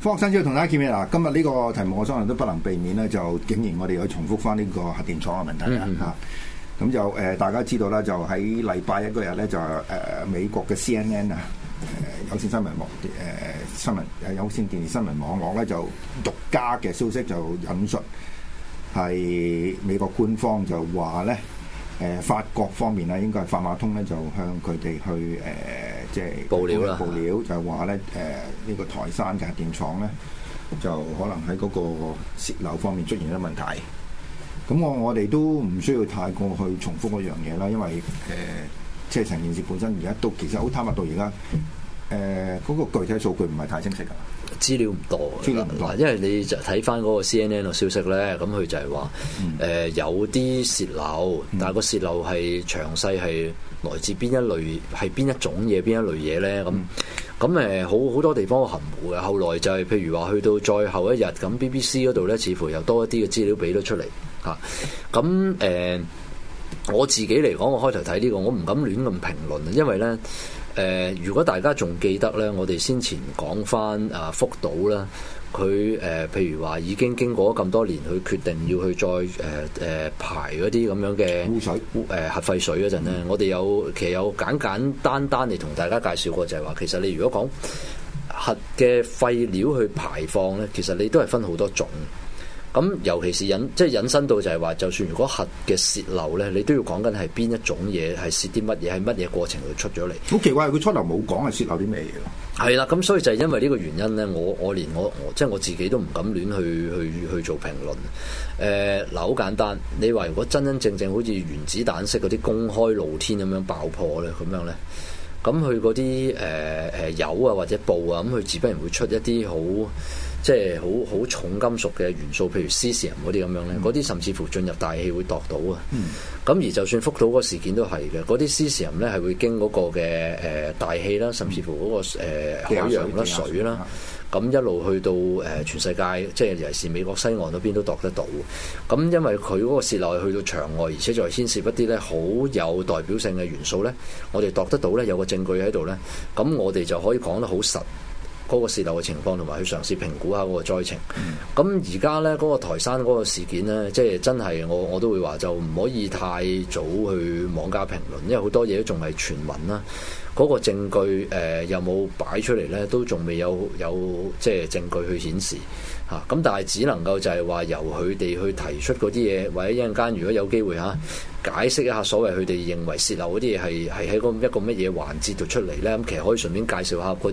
方生先同大家見面嗱，今日呢個題目我相信都不能避免呢，就竟然我哋又重複翻呢個核電廠嘅問題，mm hmm. 啊！咁就誒、呃，大家知道啦，就喺禮拜一嗰日呢，就誒、呃、美國嘅 CNN 啊、呃，誒有線新聞網,誒、呃、新聞、呃、有線電視新聞網絡咧，就獨家嘅消息就引述，係美國官方就話呢，誒、呃、法國方面咧，應該係法馬通呢，就向佢哋去誒。呃即係報料啦，報料就係話咧，誒呢的、呃呢個台山嘅核電廠咧，就可能喺嗰個泄漏方面出現咗問題。咁我我哋都唔需要太過去重複嗰樣嘢啦，因為誒即係成件事本身而家都其實好坦白到而家，誒、呃、嗰、嗰個具體數據唔係太清晰噶。資料唔多，因為你就睇翻嗰個 CNN 嘅消息咧，咁佢就係話誒有啲洩漏，但係個洩漏係詳細係來自邊一類，係邊一種嘢，邊一類嘢咧咁。咁誒、呃、好好多地方嘅含糊嘅，後來就係、是、譬如話去到最後一日，咁 BBC 嗰度咧，似乎又多一啲嘅資料俾咗出嚟嚇。咁、啊、誒、呃、我自己嚟講，我開頭睇呢個，我唔敢亂咁評論啊，因為咧。誒，如果大家仲記得咧，我哋先前講翻啊福島啦。佢誒、呃、譬如話已經經過咁多年，佢決定要去再誒誒、呃呃、排嗰啲咁樣嘅誒核廢水嗰陣咧，污水？我哋有其實有簡簡單單嚟同大家介紹過，就係、是、話其實你如果講核嘅廢料去排放咧，其實你都係分好多種。咁尤其是引即係引申到就係話，就算如果核嘅洩漏咧，你都要講緊係邊一種嘢，係洩啲乜嘢，係乜嘢過程度出咗嚟。好奇怪，佢初頭冇講係洩漏啲咩嘢咯。係啦，咁、嗯、所以就係因為呢個原因咧，我我連我，我即係我自己都唔敢亂去去去做評論。誒、呃、嗱，好簡單，你話如果真真正正好似原子彈式嗰啲公開露天咁樣爆破咧，咁樣咧，咁佢嗰啲誒誒油啊或者布啊，咁、嗯、佢自不然會出一啲好。即係好好重金屬嘅元素，譬如銫嗰啲咁樣咧，嗰啲、嗯、甚至乎進入大氣會度到啊！咁、嗯、而就算福島嗰個事件都係嘅，嗰啲銫咧係會經嗰個嘅誒、呃、大氣啦，甚至乎嗰、嗰個海洋啦、呃、水啦，咁一路去到誒、呃嗯、全世界，即係尤其是美國西岸嗰邊都度得到。咁因為佢嗰個泄漏去到場外，而且再牽涉一啲咧好有代表性嘅元素咧，我哋度得到咧有個證據喺度咧，咁我哋就可以講得好實。嗰個洩漏嘅情況同埋去嘗試評估下嗰個災情。咁而家呢，嗰、嗰個台山嗰個事件呢，即係真係我我都會話就唔可以太早去妄加評論，因為好多嘢都仲係傳聞啦。嗰、嗰個證據又冇、呃、擺出嚟呢，都仲未有有即係證據去顯示嚇。咁、啊、但係只能夠就係話由佢哋去提出嗰啲嘢，或者一陣間如果有機會嚇。解釋一下所謂佢哋認為洩漏嗰啲嘢係係喺一個乜嘢環節度出嚟咧？咁其實可以順便介紹下嗰啲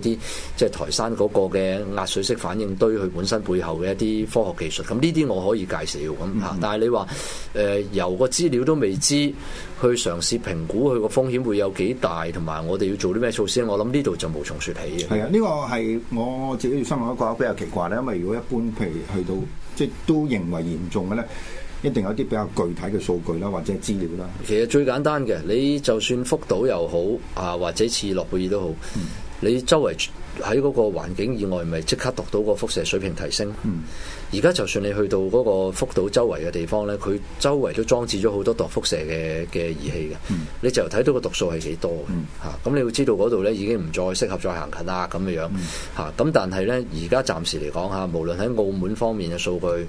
即係台山嗰個嘅壓水式反應堆佢本身背後嘅一啲科學技術。咁呢啲我可以介紹咁吓。但係你話誒、呃、由個資料都未知去嘗試評估佢個風險會有幾大，同埋我哋要做啲咩措施？我諗呢度就無從說起嘅。係啊，呢、這個係我自己要深入一個比較奇怪咧，因為如果一般譬如去到即係都認為嚴重嘅咧。一定有啲比較具體嘅數據啦，或者資料啦。其實最簡單嘅，你就算福島又好啊，或者切爾諾貝爾都好，嗯、你周圍喺嗰個環境以外，咪即刻讀到個輻射水平提升。而家、嗯、就算你去到嗰個福島周圍嘅地方呢，佢周圍都裝置咗好多度輻射嘅嘅儀器嘅，嗯、你就睇到個讀數係幾多嘅嚇。咁、嗯啊、你要知道嗰度呢已經唔再適合再行近啦咁嘅樣嚇。咁、啊、但係呢，而家暫時嚟講嚇，無論喺澳門方面嘅數據。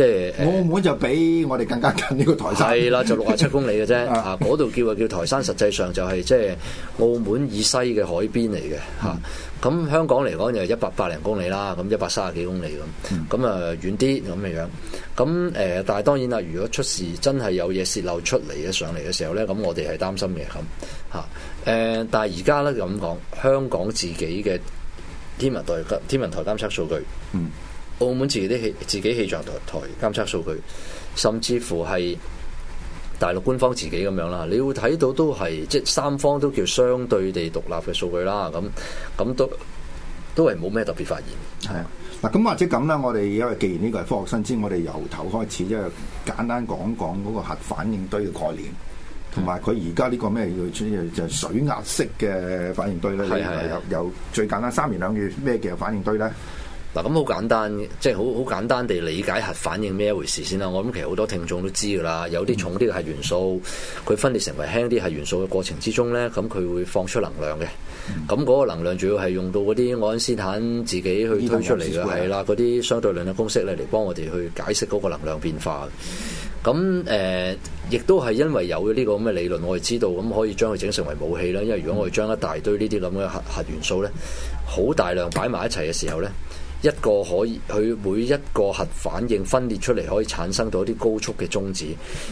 即係澳門就比我哋更加近呢個台山係啦，就六十七公里嘅啫。 啊，嗰度叫啊叫台山，實際上就係、是、即係澳門以西嘅海邊嚟嘅嚇。咁、嗯啊、香港嚟講就係一百八零公里啦，咁一百三十幾公里咁，咁啊遠啲咁嘅樣。咁誒，但係當然啦，如果出事真係有嘢洩漏出嚟嘅上嚟嘅時候咧，咁我哋係擔心嘅咁嚇。誒、啊啊，但係而家咧咁講，香港自己嘅天文台天文台監測數據嗯。澳門自己啲氣，自己氣象台台監測數據，甚至乎係大陸官方自己咁樣啦，你會睇到都係即係三方都叫相對地獨立嘅數據啦。咁咁都都係冇咩特別發現。係啊，嗱咁或者咁啦，我哋因為既然呢個係科學新知，我哋由頭開始，因為簡單講講嗰個核反應堆嘅概念，同埋佢而家呢個咩叫出就係、水壓式嘅反應堆咧？係係的有有最簡單，三言兩語咩叫反應堆咧？嗱，咁好簡單，即係好好簡單地理解核反應咩一回事先啦。我諗其實好多聽眾都知㗎啦。有啲重啲嘅核元素，佢分裂成為輕啲核元素嘅過程之中咧，咁佢會放出能量嘅。咁嗰個能量主要係用到嗰啲愛因斯坦自己去推出嚟嘅，係啦，嗰啲相對論嘅公式咧嚟幫我哋去解釋嗰個能量變化。咁誒、呃，亦都係因為有呢個咁嘅理論，我哋知道咁可以將佢整成為武器啦。因為如果我哋將一大堆呢啲咁嘅核核元素咧，好大量擺埋一齊嘅時候咧。一個可以佢每一個核反應分裂出嚟可以產生到一啲高速嘅中子，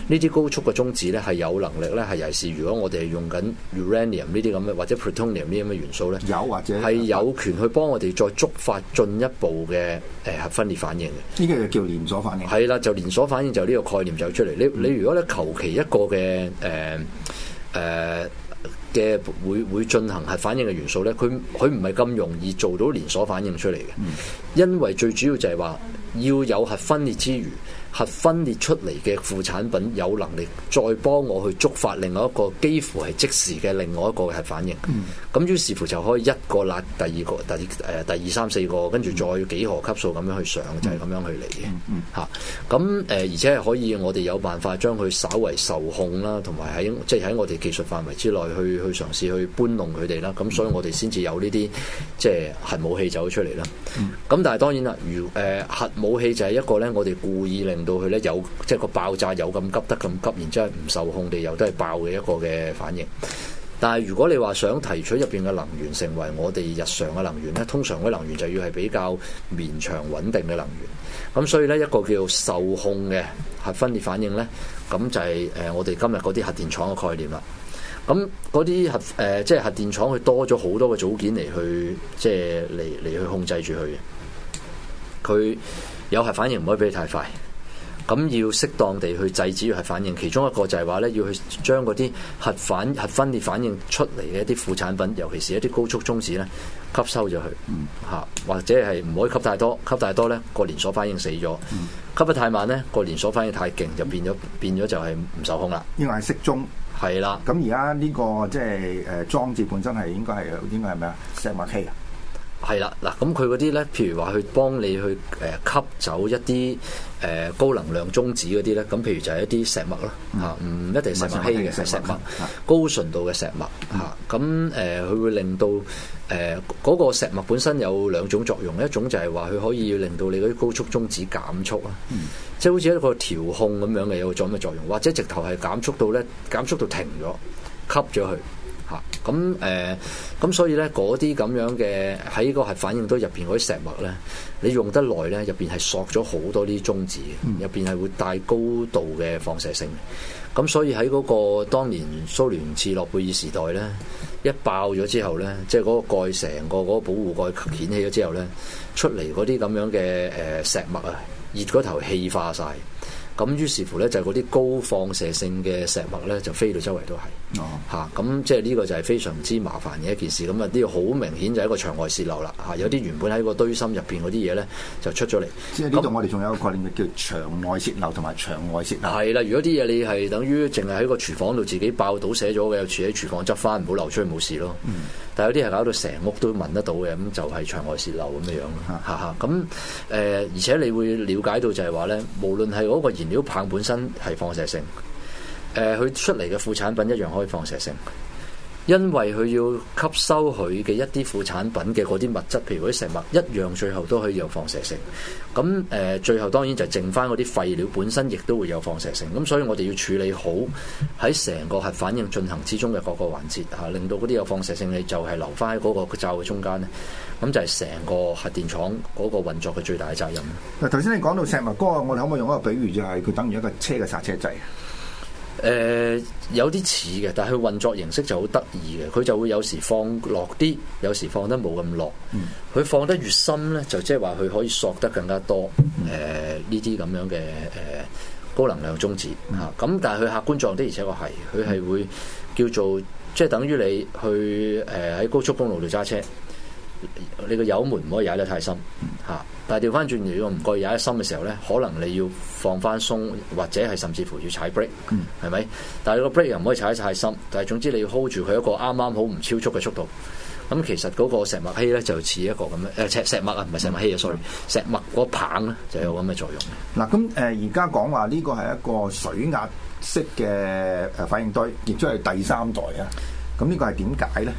呢啲高速嘅中子呢係有能力呢，係尤其是如果我哋用緊 uranium 呢啲咁嘅或者 plutonium 呢啲咁嘅元素呢，有或者係有權去幫我哋再觸發進一步嘅誒、呃、核分裂反應嘅。呢個就叫連鎖反應。係啦，就連鎖反應就呢個概念就出嚟。你你如果咧求其一個嘅誒誒。呃呃嘅會會進行核反應嘅元素咧，佢佢唔係咁容易做到連鎖反應出嚟嘅，因為最主要就係話要有核分裂之餘。核分裂出嚟嘅副產品有能力再幫我去觸發另外一個幾乎係即時嘅另外一個核反應，咁於、嗯、是乎就可以一個啦，第二個第二誒第二三四個跟住再幾何級數咁樣去上，就係、是、咁樣去嚟嘅吓，咁誒、嗯嗯啊、而且係可以我哋有辦法將佢稍為受控啦，同埋喺即係喺我哋技術範圍之內去去嘗試去搬弄佢哋啦。咁所以我哋先至有呢啲即係核武器走出嚟啦。咁、嗯嗯、但係當然啦，如誒、呃、核武器就係一個咧，我哋故意令令到佢呢有即係個爆炸有咁急得咁急，然之後唔受控地又都係爆嘅一個嘅反應。但係如果你話想提取入邊嘅能源成為我哋日常嘅能源呢，通常嗰啲能源就要係比較綿長穩定嘅能源。咁所以呢一個叫受控嘅核分裂反應呢，咁就係誒我哋今日嗰啲核電廠嘅概念啦。咁嗰啲核誒、呃、即係核電廠佢多咗好多嘅組件嚟，去即係嚟嚟去控制住佢嘅。佢有核反應唔可以俾你太快。咁要適當地去制止要係反應，其中一個就係話咧，要去將嗰啲核反核分裂反應出嚟嘅一啲副產品，尤其是一啲高速中子咧，吸收咗佢吓，嗯、或者係唔可以吸太多，吸太多咧個連鎖反應死咗，嗯、吸得太慢咧個連鎖反應太勁就變咗、嗯、變咗就係唔受控啦。應該係適中。係啦。咁而家呢個即係誒裝置本身係應該係應該係咩？啊？3萬 K 啊？係啦，嗱，咁佢嗰啲咧，譬如話去幫你去誒吸走一啲誒、呃、高能量中子嗰啲咧，咁譬如就係一啲石墨咯，吓、嗯，唔、嗯、一定石墨烯嘅，嗯、石墨，高純度嘅石墨吓，咁誒，佢、嗯啊、會令到誒嗰、呃那個石墨本身有兩種作用，一種就係話佢可以令到你嗰啲高速中子減速啊，嗯、即係好似一個調控咁樣嘅有個咁嘅作用，或者直頭係減速到咧，減速到停咗，吸咗佢。嚇、咁，誒、咁所以咧，嗰啲咁樣嘅喺個係反應堆入邊嗰啲石墨咧，你用得耐咧，入邊係索咗好多啲中子，入邊係會帶高度嘅放射性嘅。咁所以喺嗰個當年蘇聯次諾貝爾時代咧，一爆咗之後咧，即係嗰個蓋成個嗰個保護蓋掀起咗之後咧，出嚟嗰啲咁樣嘅誒石墨啊，熱嗰頭氣化晒。咁於是乎咧，就嗰、是、啲高放射性嘅石墨咧，就飛到周圍都係。哦，嚇、啊！咁即係呢個就係非常之麻煩嘅一件事。咁啊，呢個好明顯就係一個場外泄漏啦。嚇、啊，有啲原本喺個堆心入邊嗰啲嘢咧，就出咗嚟。即係呢度，嗯、我哋仲有一個概念叫場外泄漏同埋場外泄漏。係啦、嗯，如果啲嘢你係等於淨係喺個廚房度自己爆到瀉咗嘅，住喺廚房執翻，唔好漏出去冇事咯。但有啲係搞到成屋都聞得到嘅，咁就係場外泄漏咁樣樣。嚇嚇咁誒，而且你會了解到就係話咧，無論係嗰個燃料棒本身係放射性，誒、呃、佢出嚟嘅副產品一樣可以放射性。因為佢要吸收佢嘅一啲副產品嘅嗰啲物質，譬如嗰啲石墨，一樣最後都可以有放射性。咁誒、呃，最後當然就剩翻嗰啲廢料本身，亦都會有放射性。咁所以，我哋要處理好喺成個核反應進行之中嘅各個環節，嚇、啊，令到嗰啲有放射性嘅就係留翻喺嗰個罩嘅中間咧。咁就係成個核電廠嗰個運作嘅最大嘅責任。嗱，頭先你講到石墨哥，我哋可唔可以用一個比喻就係佢等於一個車嘅煞車掣？誒、呃，有啲似嘅，但係佢運作形式就好得意嘅，佢就會有時放落啲，有時放得冇咁落。佢放得越深呢，就即係話佢可以索得更加多。誒、呃，呢啲咁樣嘅誒、呃、高能量中子吓，咁、啊、但係佢客觀作用的，而且確係，佢係會叫做即係、就是、等於你去誒喺、呃、高速公路度揸車。你個油門唔可以踩得太深，吓、嗯。但係調翻轉，如果唔過踩得深嘅時候咧，可能你要放翻鬆，或者係甚至乎要踩 break，係咪？但係你個 break 又唔可以踩得太深。但係總之你要 hold 住佢一個啱啱好唔超速嘅速度。咁、嗯、其實嗰個石墨烯咧就似一個咁樣誒、呃，石墨石墨啊，唔係石墨烯啊，sorry，石墨嗰棒咧就有咁嘅作用。嗱、嗯，咁誒而家講話呢個係一個水壓式嘅誒反應堆，亦都係第三代啊。咁、嗯、呢個係點解咧？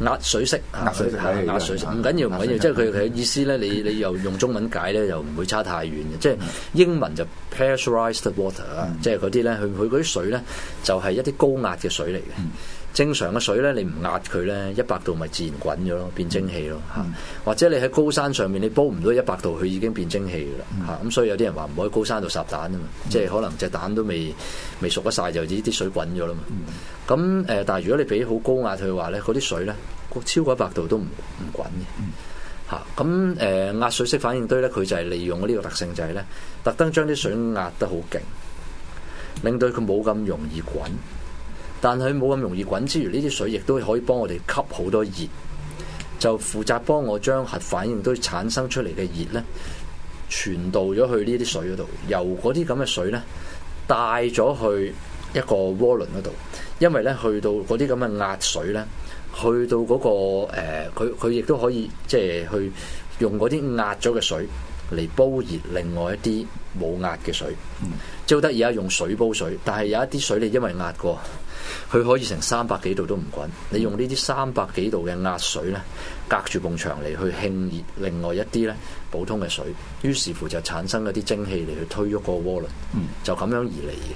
壓水式，壓水式，沒 hating 壓水式，唔緊要，唔緊要，即係佢佢嘅意思咧，你你又用中文解咧，又唔會差太遠嘅，即係英文 water,、嗯、就 pressurized water 啊，即係嗰啲咧，佢佢嗰啲水咧就係一啲高壓嘅水嚟嘅。嗯正常嘅水呢，你唔壓佢呢，一百度咪自然滾咗咯，變蒸氣咯嚇。嗯、或者你喺高山上面，你煲唔到一百度，佢已經變蒸氣啦嚇。咁、嗯啊、所以有啲人話唔可以高山度烚蛋啊嘛，嗯、即係可能隻蛋都未未熟得晒，就依啲水滾咗啦嘛。咁誒、嗯呃，但係如果你俾好高壓佢話呢，嗰啲水呢，超過一百度都唔唔滾嘅嚇。咁誒、嗯啊呃、壓水式反應堆呢，佢就係利用呢個特性就，就係呢特登將啲水壓得好勁，令到佢冇咁容易滾滾。但佢冇咁容易滾之餘，呢啲水亦都可以幫我哋吸好多熱，就負責幫我將核反應都產生出嚟嘅熱咧，傳導咗去呢啲水嗰度，由嗰啲咁嘅水咧帶咗去一個渦輪嗰度，因為咧去到嗰啲咁嘅壓水咧，去到嗰個誒，佢佢亦都可以即係去用嗰啲壓咗嘅水嚟煲熱另外一啲冇壓嘅水，嗯、即好得意啊！用水煲水，但係有一啲水你因為壓過。佢可以成三百幾度都唔滾，你用呢啲三百幾度嘅壓水呢，隔住埲牆嚟去興熱，另外一啲呢普通嘅水，於是乎就產生嗰啲蒸汽嚟去推喐個渦輪，嗯、就咁樣而嚟嘅。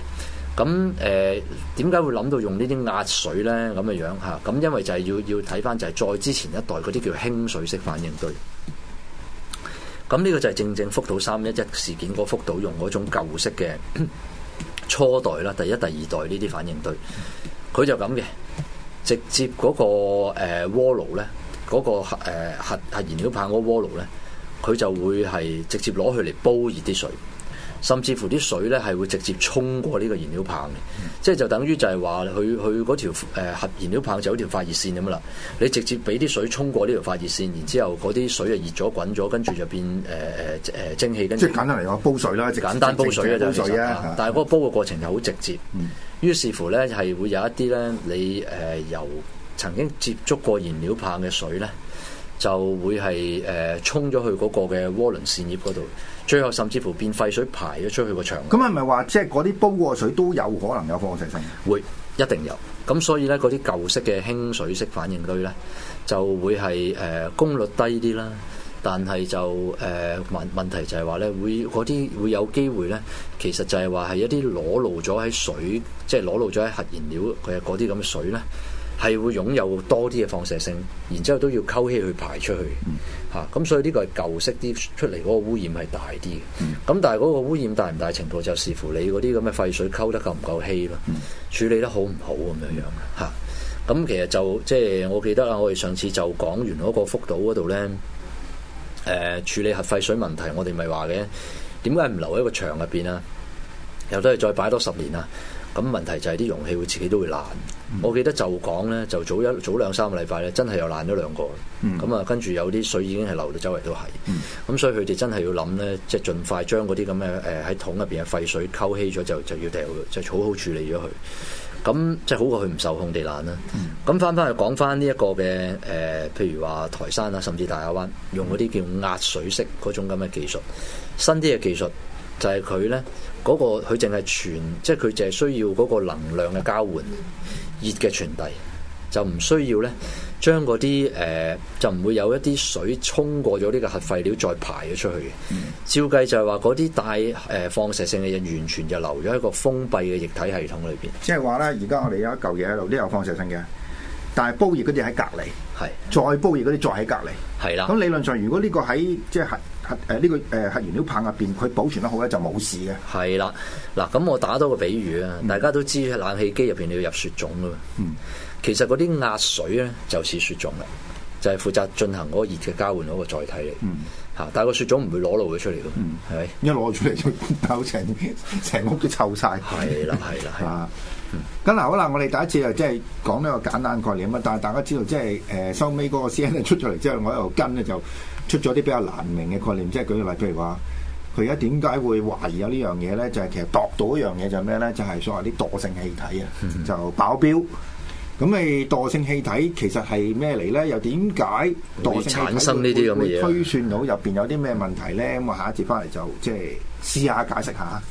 咁誒點解會諗到用呢啲壓水呢？咁嘅樣嚇，咁、啊、因為就係要要睇返就係再之前一代嗰啲叫輕水式反應堆。咁呢個就係正正福島三一一事件嗰個福島用嗰種舊式嘅。 初代啦，第一、第二代呢啲反應堆，佢就咁嘅，直接嗰、那個誒、呃、鍋爐咧，嗰、那個、呃、核誒核核燃料棒嗰個鍋爐咧，佢就會係直接攞佢嚟煲熱啲水。甚至乎啲水咧係會直接沖過呢個燃料棒嘅，嗯、即係就等於就係話佢佢嗰條、呃、核燃料棒就好似條發熱線咁啦。你直接俾啲水沖過呢條發熱線，然之後嗰啲水就熱咗滾咗，跟住就變誒誒誒蒸汽。跟即係簡單嚟講，煲水啦，水就簡單煲水啊，但係嗰個煲嘅過程就好直接。嗯、於是乎咧，係會有一啲咧，你誒、呃、由曾經接觸過燃料棒嘅水咧。就會係誒、呃、沖咗去嗰個嘅渦輪扇葉嗰度，最後甚至乎變廢水排咗出去個場。咁係咪話即係嗰啲煲過水都有可能有放射性？會一定有。咁所以咧，嗰啲舊式嘅輕水式反應堆咧，就會係誒、呃、功率低啲啦。但係就誒問、呃、問題就係話咧，會嗰啲會有機會咧，其實就係話係一啲裸露咗喺水，即係裸露咗喺核燃料嘅嗰啲咁嘅水咧。係會擁有多啲嘅放射性，然之後都要溝稀去排出去，吓。咁、嗯啊、所以呢個係舊式啲出嚟嗰個污染係大啲嘅。咁、嗯、但係嗰個污染大唔大程度就視乎你嗰啲咁嘅廢水溝得夠唔夠稀咯，嗯、處理得好唔好咁樣樣吓，咁、嗯啊、其實就即係、就是、我記得啊，我哋上次就講完嗰個福島嗰度呢，誒、呃、處理核廢水問題我，我哋咪話嘅，點解唔留喺個牆入邊啊？又都係再擺多十年啊？咁問題就係啲容器會自己都會爛。嗯、我記得就講咧，就早一早兩三個禮拜咧，真係又爛咗兩個。咁啊、嗯，跟住有啲水已經係流到周圍都係。咁、嗯、所以佢哋真係要諗咧，即、就、係、係、盡快將嗰啲咁嘅誒喺桶入邊嘅廢水溝稀咗，就就要掉，就好好處理咗佢。咁即係好過佢唔受控地爛啦。咁翻翻去講翻呢一個嘅誒、呃，譬如話台山啊，甚至大亞灣用嗰啲叫壓水式嗰種咁嘅技術，新啲嘅技術。就係佢咧，嗰、嗰個佢淨係傳，即係佢淨係需要嗰個能量嘅交換、熱嘅傳遞，就唔需要咧將嗰啲誒，就唔會有一啲水沖過咗呢個核廢料再排咗出去嘅。嗯、照計就係話嗰啲帶誒放射性嘅嘢，完全就留咗喺一個封閉嘅液體系統裏邊。即係話咧，而家我哋有一嚿嘢喺度，呢有放射性嘅，但係煲熱嗰啲喺隔離，係是再煲熱嗰啲再喺隔離，係啦的。咁理論上，如果呢個喺即係。即係核係呢個誒核燃料棒入邊，佢保存得好咧就冇事嘅。係啦，嗱咁我打多個比喻啊，嗯、大家都知冷氣機入邊你要入雪種啊嘛。嗯，其實嗰啲壓水咧就似雪種啦，就係、是、負責進行嗰個熱嘅交換嗰個載體嚟。嗯，但係個雪種唔會攞露佢出嚟嘅。嗯，係咪吧？一攞出嚟就成成屋都臭晒。係啦， 係啦，係。笑的咁嗱，好啦，我哋第一次又即係講呢個簡單概念啊嘛，但係大家知道即係誒收尾嗰個 CNN 出咗嚟之後，我喺度跟咧就出咗啲比較難明嘅概念，即係舉個例，譬如話佢而家點解會懷疑有呢樣嘢咧？就係、是、其實度到一樣嘢就係咩咧？就係、是、所謂啲惰性氣體啊，嗯、就爆錶。咁你惰性氣體其實係咩嚟咧？又點解？會產生呢啲咁嘅嘢？推算到入邊有啲咩問題咧？咁我下一節翻嚟就即係試下解釋下。